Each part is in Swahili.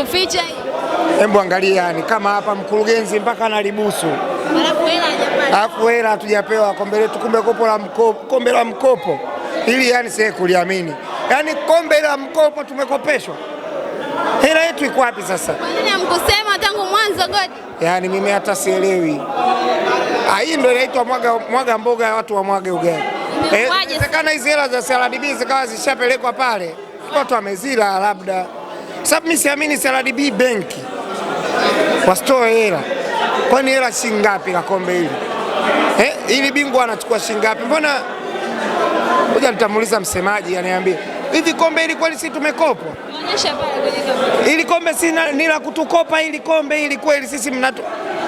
tufiche. Hebu angalia ni kama hapa mkurugenzi mpaka analibusu, alafu hela hatujapewa kombe letu, kumbe kopo la mkopo, kombe la mkopo ili yani sie kuliamini, yani kombe la mkopo tumekopeshwa. Hela yetu iko wapi sasa? Kwa nini hamkusema tangu mwanzo Godi? Yani mimi hata sielewi. Ah, hii ndio inaitwa mwaga, mwaga mboga ya watu wa mwaga ugali. Eh, inawezekana hizi hela za CRDB zikawa zishapelekwa pale, watu wamezila labda sababu mimi siamini CRDB benki wasitoe hela. Kwani hela shilingi ngapi la kombe hili eh? Ili bingwa anachukua shilingi ngapi? Mbona moja, nitamuuliza msemaji aniambie. Hivi kombe hili kweli si tumekopwa? Ili kombe si ni la kutukopa ili kombe ili kweli sisi mnatu,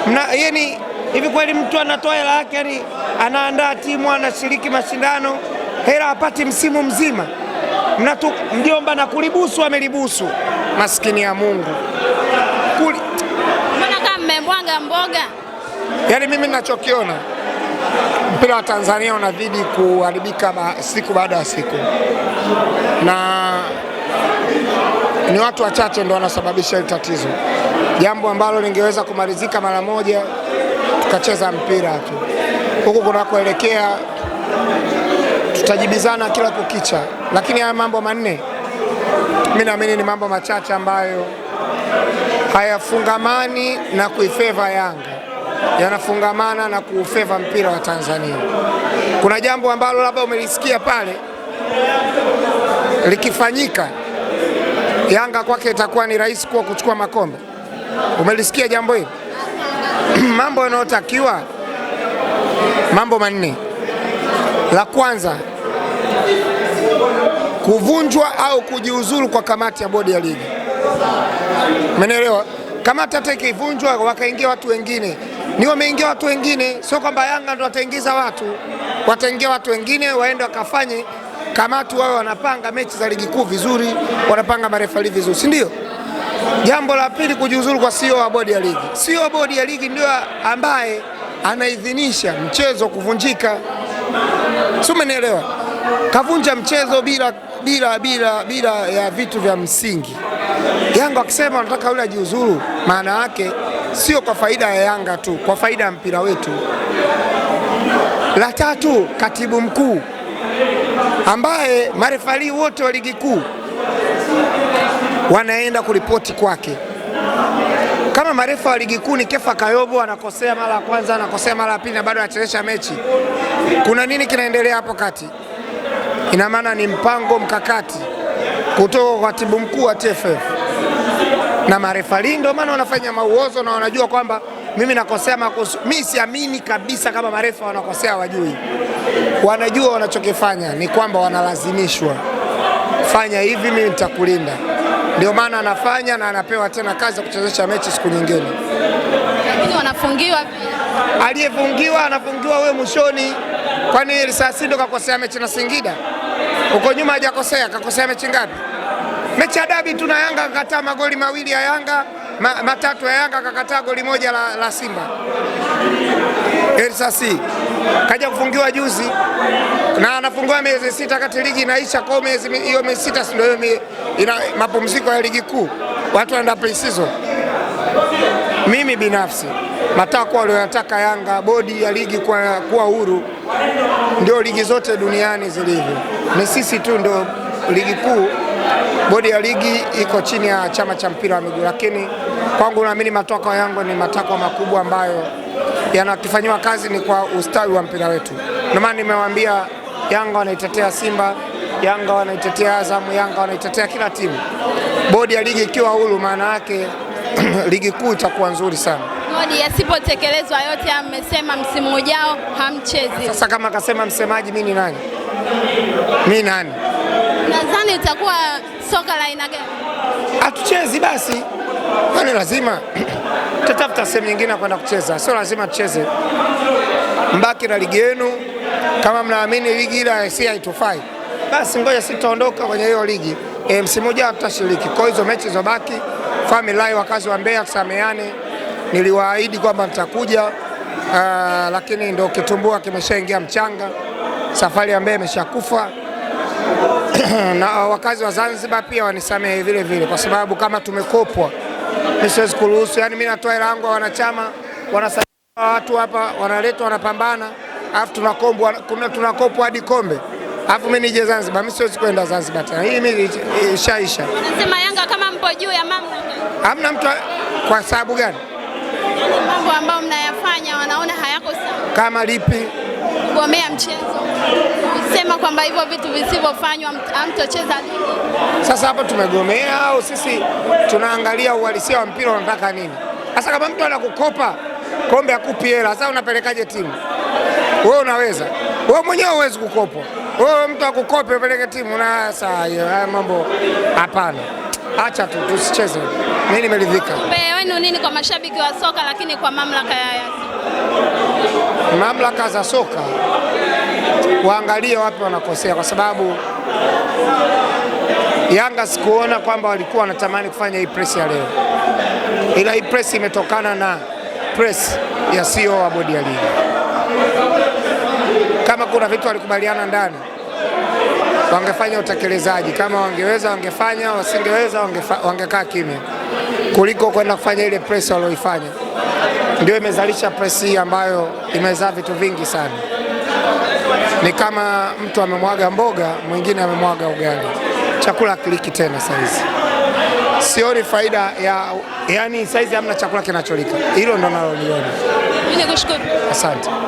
mna, yani hivi kweli mtu anatoa hela yake, yani anaandaa timu anashiriki mashindano hela apati msimu mzima mnatu, mjomba na kulibusu amelibusu maskini ya Mungu Kuli... kama mmemwaga mboga. Yaani mimi ninachokiona mpira wa Tanzania unazidi kuharibika ba, siku baada ya siku, na ni watu wachache ndio wanasababisha hili tatizo, jambo ambalo lingeweza kumalizika mara moja, tukacheza mpira tu. Huku kunakoelekea tutajibizana kila kukicha, lakini haya mambo manne mi naamini ni mambo machache ambayo hayafungamani na kuifeva Yanga, yanafungamana na kuufeva mpira wa Tanzania. Kuna jambo ambalo labda umelisikia pale likifanyika Yanga kwake itakuwa ni rahisi kuwa kuchukua makombe. Umelisikia jambo hili? mambo yanayotakiwa mambo manne. La kwanza kuvunjwa au kujiuzulu kwa kamati ya bodi ya ligi. Umeelewa? Kamati hata ikivunjwa wakaingia watu wengine, ni wameingia watu wengine, sio kwamba Yanga ndo wataingiza watu, wataingia watu wengine waende wakafanye kamati, wao wanapanga mechi za ligi kuu vizuri, wanapanga marefali vizuri, si ndio? Jambo la pili, kujiuzulu kwa CEO wa bodi ya ligi. CEO wa bodi ya ligi ndio ambaye anaidhinisha mchezo kuvunjika, si umenielewa? Kavunja mchezo bila bila, bila, bila ya vitu vya msingi. Yanga wakisema wanataka yule ajiuzuru, maana yake sio kwa faida ya Yanga tu, kwa faida ya mpira wetu. La tatu, katibu mkuu ambaye marefali wote wa ligi kuu wanaenda kuripoti kwake. Kama marefa wa ligi kuu ni Kefa Kayobo anakosea mara ya kwanza, anakosea mara ya pili na bado anachezesha mechi, kuna nini kinaendelea hapo kati? Ina maana ni mpango mkakati kutoka kwa katibu mkuu wa TFF na marefali, ndio maana wanafanya mauozo na wanajua kwamba mimi nakosea makosa. Mimi siamini kabisa kama marefa wanakosea wajui, wanajua wanachokifanya ni kwamba wanalazimishwa fanya hivi, mimi nitakulinda. Ndio maana anafanya na anapewa tena kazi ya kuchezesha mechi siku nyingine, lakini wanafungiwa. Aliyefungiwa anafungiwa wewe mwishoni. Kwani risasi ndo kakosea mechi na Singida huko nyuma, hajakosea kakosea mechi ngapi? Mechi ya dabi tuna Yanga kakataa magoli mawili ya Yanga ma, matatu ya Yanga kakataa goli moja la, la Simba. Elsasi kaja kufungiwa juzi na anafungua miezi sita kati ligi inaisha, kwa miezi hiyo miezi sita ndio hiyo ina mapumziko ya ligi kuu, watu wanaenda pre-season. Mimi binafsi matakwa walioyataka Yanga, bodi ya ligi kuwa huru ndio ligi zote duniani zilivyo, ni sisi tu ndio ligi kuu. Bodi ya ligi iko chini ya chama cha mpira wa miguu, lakini kwangu naamini matakwa yangu ni matakwa makubwa ambayo yanakifanyiwa kazi ni kwa ustawi wa mpira wetu. Ndio maana nimewaambia Yanga wanaitetea Simba, Yanga wanaitetea Azamu, Yanga wanaitetea kila timu. Bodi ya ligi ikiwa huru, maana yake ligi kuu itakuwa nzuri sana. Ngodi yasipotekelezwa yote amesema msimu ujao hamchezi. Sasa kama akasema msemaji, mimi ni nani? Mimi nani? Nadhani itakuwa soka la aina gani? Hatuchezi basi, kwani lazima tutafuta sehemu nyingine kwenda kucheza, sio lazima tucheze. Mbaki na ligi yenu, kama mnaamini ligi ile si haitufai basi ngoja sisi tutaondoka kwenye hiyo ligi e, msimu ujao tutashiriki. Kwa hizo mechi zobaki, family wakazi wa Mbeya, kusameane niliwaahidi kwamba nitakuja, uh, lakini ndo kitumbua kimeshaingia mchanga, safari ambayo imeshakufa na wakazi wa Zanzibar pia wanisamehe vile vile, kwa sababu kama tumekopwa, mimi siwezi kuruhusu. Yani mimi natoa hela yangu wanachama, wanasaidia watu hapa, wanaletwa, wanapambana, alafu tunakombwa, tunakopwa hadi kombe, alafu mimi nije Zanzibar. Mimi siwezi kwenda Zanzibar tena, hii mimi ishaisha. Unasema Yanga kama mpo juu ya mamlaka, hamna mtu. Kwa sababu gani? Yaani mambo ambayo mnayafanya wanaona hayako sawa. Kama lipi? Kugomea mchezo, sema kwamba hivyo vitu visivyofanywa hamtocheza ligi. Sasa hapa tumegomea au sisi tunaangalia uhalisia wa mpira unataka nini? Sasa kama mtu anakukopa kombe akupi hela, sasa unapelekaje timu? Wewe unaweza wewe mwenyewe uwezi kukopa. Wewe mtu akukope upeleke timu na saa hiyo, haya mambo hapana, acha tu tusicheze mimi nimeridhika. Wenu nini kwa mashabiki wa soka, lakini kwa mamlaka ya Yanga? Mamlaka za soka waangalie wapi wanakosea, kwa sababu Yanga sikuona kwamba walikuwa wanatamani kufanya hii press ya leo, ila hii press imetokana na press ya CEO wa bodi ya ligi. Kama kuna vitu walikubaliana ndani wangefanya utekelezaji. Kama wangeweza wangefanya, wasingeweza wangekaa kimya, kuliko kwenda kufanya ile press walioifanya. Ndio imezalisha press hii ambayo imezaa vitu vingi sana. Ni kama mtu amemwaga mboga, mwingine amemwaga ugali, chakula kiliki tena saizi Sioni faida ya yani, saizi hamna chakula kinacholika. Hilo ndo naloliona. Asante.